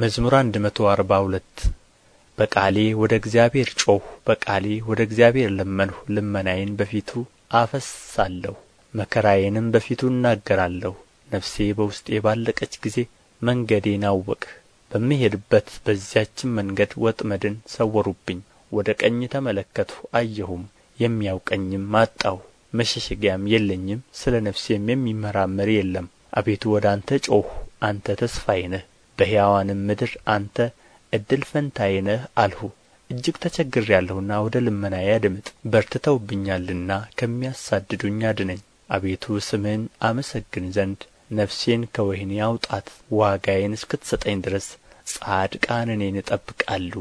መዝሙር መቶ አርባ ሁለት በቃሌ ወደ እግዚአብሔር ጮኽሁ፣ በቃሌ ወደ እግዚአብሔር ለመንሁ። ልመናዬን በፊቱ አፈስሳለሁ፣ መከራዬንም በፊቱ እናገራለሁ። ነፍሴ በውስጤ ባለቀች ጊዜ መንገዴን አወቅህ። በምሄድበት በዚያችን መንገድ ወጥመድን ሰወሩብኝ። ወደ ቀኝ ተመለከትሁ አየሁም፣ የሚያውቀኝም አጣሁ። መሸሸጊያም የለኝም፣ ስለ ነፍሴም የሚመራመር የለም። አቤቱ ወደ አንተ ጮኽሁ፣ አንተ ተስፋዬ ነህ። በሕያዋንም ምድር አንተ እድል ፈንታዬ ነህ አልሁ እጅግ ተቸግሬአለሁና ወደ ልመናዬ አድምጥ በርትተውብኛልና ከሚያሳድዱኝ አድነኝ አቤቱ ስምህን አመሰግን ዘንድ ነፍሴን ከወህኒ አውጣት ዋጋዬን እስክትሰጠኝ ድረስ ጻድቃን እኔን ይጠብቃሉ